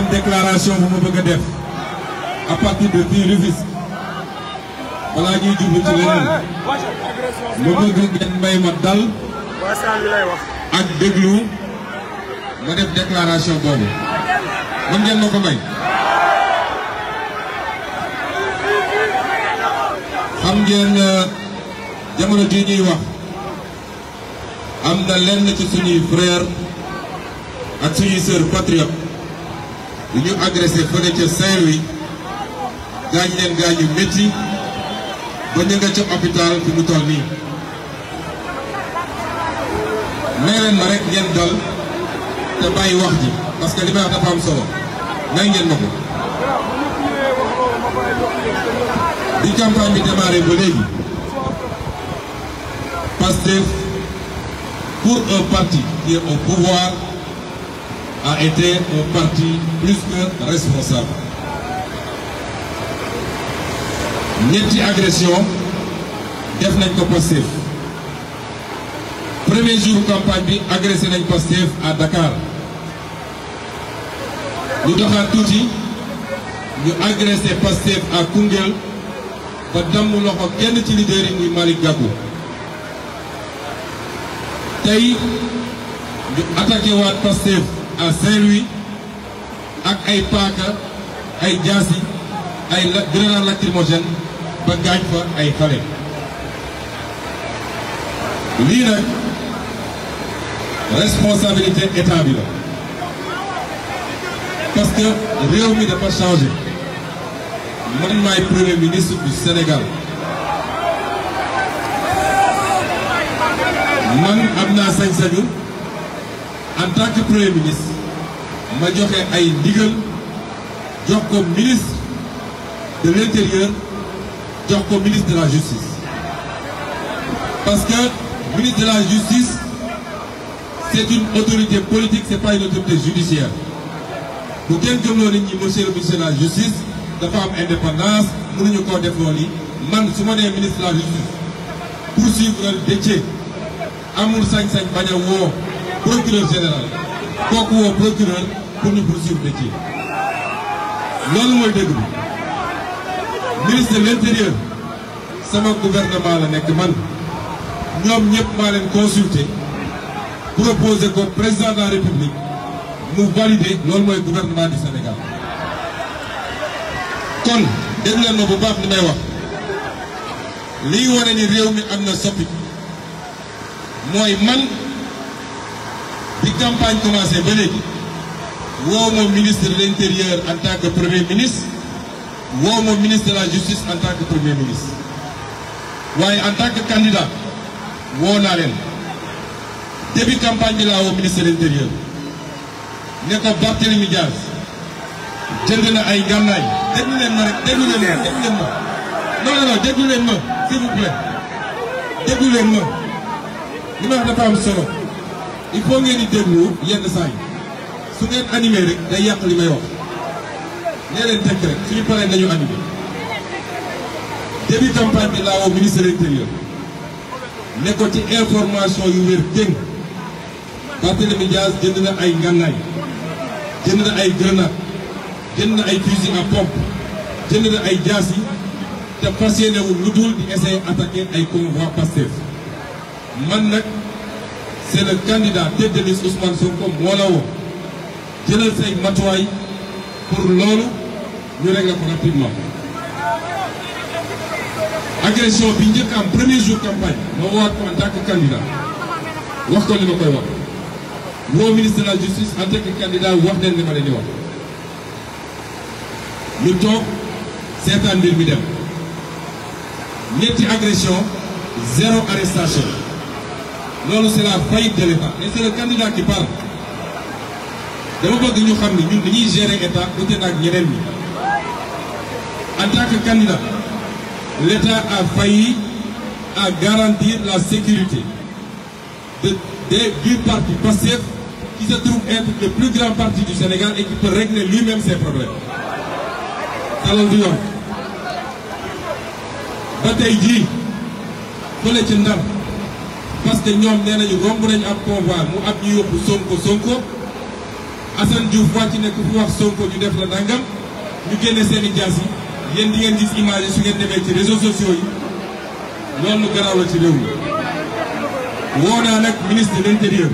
am déclaration bu ma bëgg def à partir de fii Rufisque balaa ñuy jublu ci leneen ma bëgg ngeen may ma dal ak déglu ma def déclaration boobu ngeen ma ko may. xam ngeen euh, jamono ji ñuy wax am na lenn ci suñuy frère ak suñuy sœur patriote lu ñu agressé fële ca Saint-Louis gaañ leen gaañu métti ba ñu ca hôpital fi mu toll nii. nee ma rek ngeen dal te bàyyi wax ji parce que li am solo may ngeen ma ko. bi campagne bi ba léegi Pastef pour un parti qui est au a été en parti plus que responsable. agression def premier jour campagne bi agressé nañ à Dakar Nous tout tous agressé à Kungel, ba nous loxo kenn ci leader de Malik gabou Taï nous attaquons attaqué à ak ay paaka ay jaasi ay grenade lacrymogène ba gaañ fa ay xale lii nag responsabilité état bi la parce que réew mi dafa changé man maay premier ministre du Sénégal man am naa sañ-sañu en tant que premier ministre je suis ay ndigal ministre de l'intérieur jox ministre de la justice parce que le ministre de la justice c'est une autorité politique ce n'est pas une autorité judiciaire Pour kenn y est le ministre de la justice la femme indépendance nous avons def loolu man su ministre de la justice poursuivre le amul amour sañ bañ a procureur général kooku woo procureur pour ñu poursuivre ci loolu mooy dëgg bi ministre l'intérieur sama gouvernement la nekk man ñoom ñëpp maa leen consulter proposé ko président de la république mu valider loolu mooy gouvernement du Sénégal kon dégg leen ma bu baax li may wax liy wane ni réew mi am na soppi mooy man bi campagne commencé venez. Vous woo ministre de l'Intérieur, en tant que premier ministre woo mon ministre de la justice en tant que premier ministre waaye en tant que candidat woo naa début campagne bi laa au ministre de l'Intérieur. intérieur ne ko Diaz jënd na ay gànnaay déglu leen ma rek non non non déglu leen ma s'il vous plaît déglu leen ma li ma wax dafa am solo il faut que vous vous yenn Si Si animé rek day yàq li may wax animé début campagne de laa ministère ministère de l'intérieur ko information yu wér dégg Barthélémy Dias jënd na ay ngànnaay jënd des ay à pompe jënd ay jaas yi le wu di attaquer ay man c'est le candidat tête de liste Ousmane Sonko moo Je le sais, say pour lolo nous réglons rapidement. agression bi njëkk premier jour campagne nous woowaat en tant que candidat Nous ko li ma koy wax ministre de la justice en tant que candidat wax leen li ma leen di wax ñu toog seetaan dem ñetti agression zéro arrestation non, c'est la faillite de l'État et c'est le candidat qui parle dama nous ñu nous ne nous, dañuy gérer état nous devons gérer l'État. en tant que candidat l'État a failli à garantir la sécurité de des du parti passifs qui se trouve être le plus grand parti du Sénégal et qui peut régler lui-même ses problèmes allons du yoon ba tey pour les parce que ñoom nee nañu romb nañu ab convoi mu ab ñu yóbbu Sonko Sonko Assane Diouf wàcc ne ku fi wax Sonko ñu def la dangam ñu génne seen i jaas yi yéen di ngeen gis image su ngeen demee ci réseaux sociaux yi loolu garaaw la ci réew mi. woo naa nag ministre de l'intérieur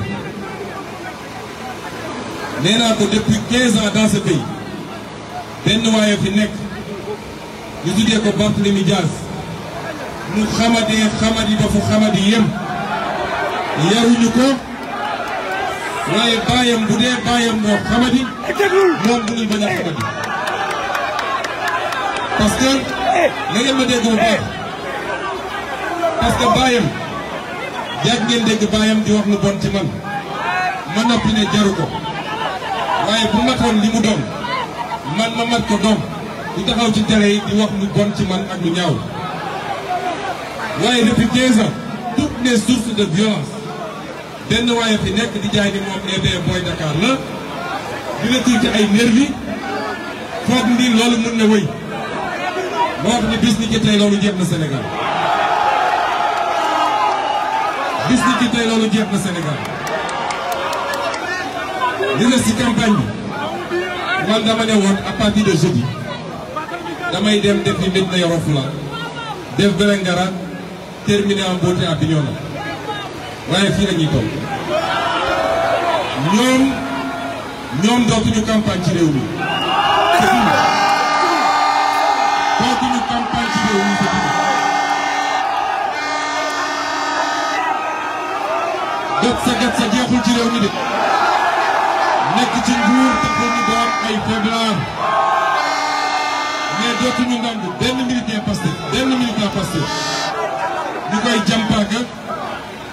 nee naa ko depuis 15 ans dans ce pays benn waaye fi nekk ñu tuddee ko Barthélémy Dias mu xamadee xamadi ba fu xamadi yem. yaruñu ko waaye baayam bu dee baayam moo xamadi moom mënul bañ a xamadi ngeen ma dégg bu baax baayam yàgg ngeen dégg baayam di wax lu bon ci man ma noppi ne jaru ko waaye bu matoon li mu doon man ma mat ko doom du taxaw ci télé yi di wax lu bon ci man ak lu ñaaw waaye depuis 15 ans toutes les sources de violence benn waaye fi nekk di jaay ni moom EBM booy Dakar la di la ay nervi foog ni loolu mën na wëy moo tax ni bis tey loolu jeex na Sénégal bis tey loolu jeex na Sénégal li na si campagne bi man dama ne woon à partir de jeudi damay dem defi mbir na Yoro Fula def Vélingara terminé en beauté à Bignona waaye fii la ñuy toll ñoom ñoom dootuñu campagne ci réew mi. dootuñu campagne ci réew mi te dootuñu nangu benn militant Pastef benn militant Pastef ñu koy jàmpaaka.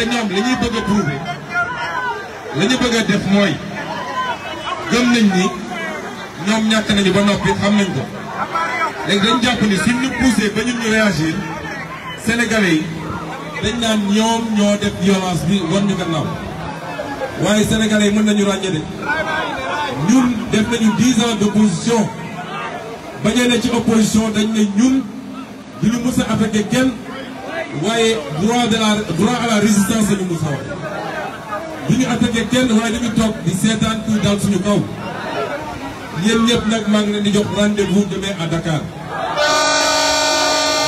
te ñoom li ñuy bëgg a prouvé ñu bëgg a def mooy gëm nañ ni ñoom ñàkk nañu ba noppi xam nañ ko léegi dañ jàpp ni suñ ñu poussé ba ñun ñu réagir sénégalais yi dañ naan ñoom ñoo def violence bi wan ñu gannaaw waaye sénégalais yi mën nañu ràññee de ñun def nañu dix ans d'opposition bañee ne ci opposition dañ ne ñun duñu mës a affecté kenn waaye droit de la droit à la résistance la ñu mos a wax du ñu attaqué kenn waaye dañu toog di seetaan kuy dal suñu kaw yéen ñëpp nag maa ngi leen di jox rendez-vous demain à Dakar.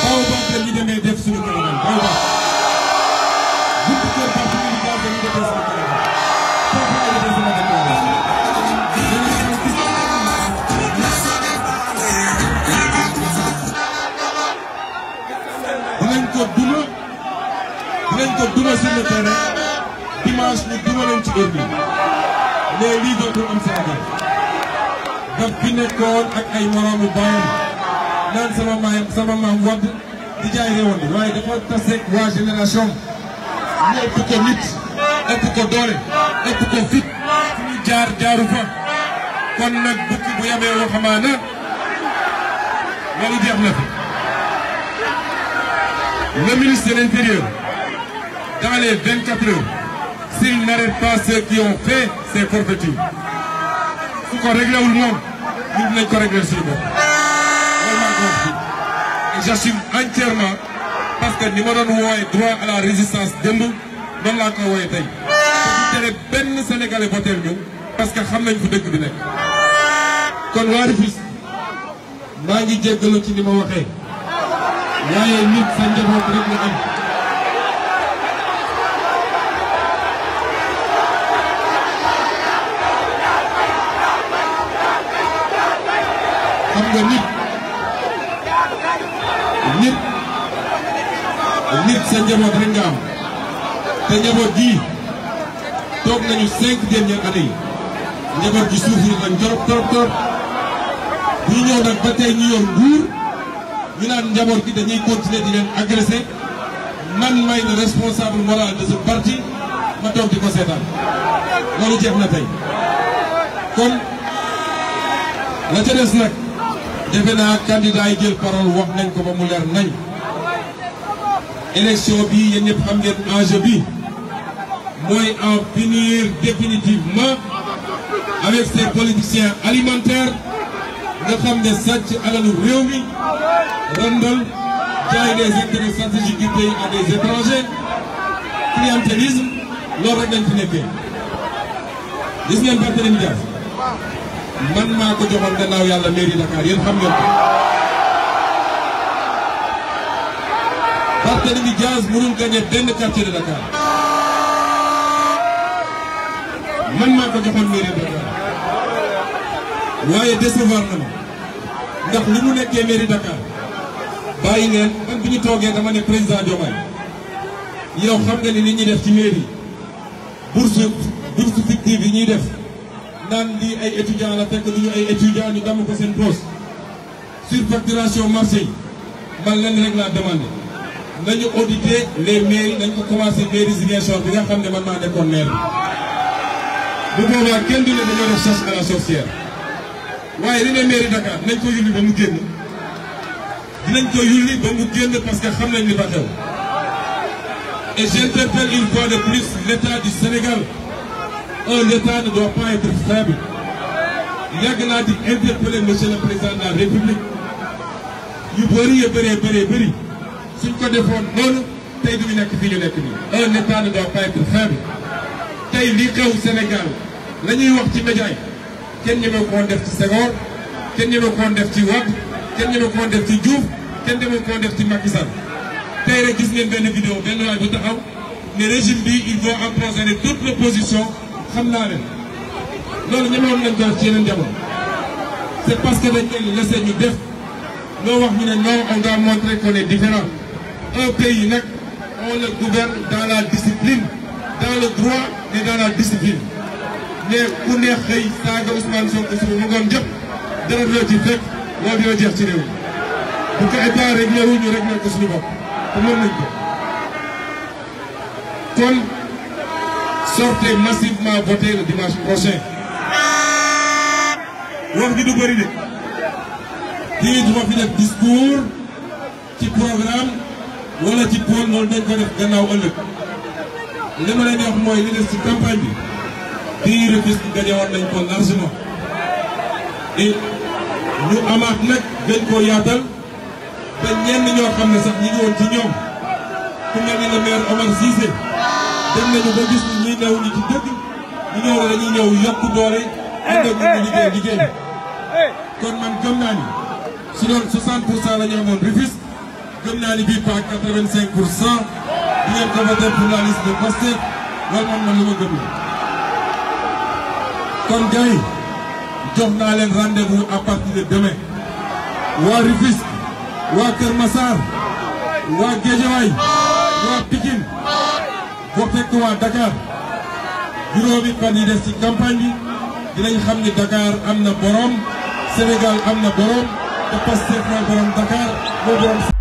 Baobab la ñu demee def suñu caravane Baobab. ko duma dinañ ko duma sur le terrain dimanche ñu duma leen ci heure bi mais lii dootul am Sénégal daf fi nekkoon ak ay moroomu baayam naan sama maam sama maam wadd di jaay waaye dafa waa génération ñu ëpp ko nit ëpp ko doole ëpp ko fit ñu jaar jaaru fa kon nag bukki bu yabee waxamaana loolu jeex na fi le ministre de l'Intérieur, dans les 24 heures, s'il n'arrête pas ceux qui ont fait ces forfaitures, il faut qu'on règle ou ne nous voulons qu'on règle tout le Et j'assume entièrement, parce que nous avons droit à la résistance nous, dans la Kawaïtaï. tere à sénégalais voteel ñu parce que xam nañ fu nous bi nekk kon waa Rufisque ngi waaye nit sa njaboot rek la am. xam te njaboot gii toog nañu cinq dernières années njaboot gi suuf yi nañ torop torop torop ñu nag ba tey ñu nguur. ñu naan njaboot gi dañuy continuer di len agressé man may le responsable moral de ce parti ma toog di ko seetaan loolu jeex na tay kon la ca des nag defe naa candidat yi jël parole wax nañ ko ba mu leer nañ élection bi yéen ñëpp xam ngeen enjeu bi moy en finir définitivement avec ces politiciens alimentaires nga xam ne sàcc alalu réew mi randal jaay des intérêts stratégiques du pays des étrangers clientélisme loolu rek dañ fi nekkee gis ngeen Barthélémy Dias man maa ko joxoon gannaaw yàlla mairie Dakar yéen xam ngeen ko Barthélémy Dias mënul gagné benn quartier de Dakar man maa ko joxoon mairie Dakar waaye décevoir na ma ndax li mu nekkee mairie Dakar bàyyi leen man bi ñu toogee dama ne président Diomaye yow xam nga ni li ñuy def ci mairie bourse bourse fictive yi ñuy def naan lii ay étudiants la fekk duñu ay étudiants ñu damm ko seen poste surfacturation marché yi man leen rek laa demandé nañu auditer les mairies nañ ko commencé mairie Ziguinchor bi nga xam ne man maa nekkoon maire bi bu boobaa kenn du ne dañoo def chasse à la sorcière waaye li ne mairie Dakar nañ ko yulli ba mu génn dinañ ko yulli ba mu génn parce que xam nañ li fa xew et j'interpelle une fois de plus l'état du Sénégal un état ne doit pas être faible yàgg naa di interpeller monsieur le président de la république yu bëri yu bëree bëree bëri suñ ko defoon non. tey du ñu nekk fii ñu nekk nii un état ne doit pas être faible tey lii xew Sénégal la ñuy wax ci média yi kenn ñeme ko woon def ci Senghor kenn ñeme ko woon def ci Wade kenn demee ko woon def ci Diouf kenn demee ko woon def ci Macky Sall tey rek gis ngeen benn vidéo benn waay bu taxaw ne régime bi il veut empoisonner toute l'opposition xam naa leen loolu moom nañ ko ci yeneen jamono c'est parce que dañ leen laissé ñu def loo wax ñu ne non on doit montrer qu'on est différent un pays nag on le gouverne dans la discipline dans le droit et dans la discipline mais ku ne xëy saaga Ousmane Sonko su mu ngoon jëpp dara doo ci fekk loolu dina jeex ci réew bu ko état réglé wu ñu réglé ko suñu bopp te mën nañ ko kon sortez massivement voter le dimanche prochain. wax gi du bëri de kii duma fi def discours ci programme wala ci pôle noonu dañ def gannaaw ëllëg li ma mooy li des ci campagne bi kii refus bi nañ ko largement et. ñu amaat nag gën koo yaatal te ñenn ñoo xam ne sax ñi ngi woon ci ñoom ku mel ni le maire Omar Cissé dem nañu ba gis ñi ñuy new ñi ci dëkk ñu ñëw la dañuy ñëw yokku doole eh, ànd ñu eh, liggéey eh, liggéey kon man gëm naa ni su doon 60 pour cent la ñu amoon Rufisque gëm naa ni bii pas 85 pour cent di ngeen ko voté pour la liste de Pastef loolu man man li ma gëm kon gars jox naa leen rendez-vous à partir de demain waa Rufisque waa Kër Massar waa Guédiawaye waa Pikine boo fekk waa Dakar juróomi fan yi des ci campagne bi dinañ xam ni Dakar am na borom Sénégal am na borom te Pastef mooy borom Dakar moo borom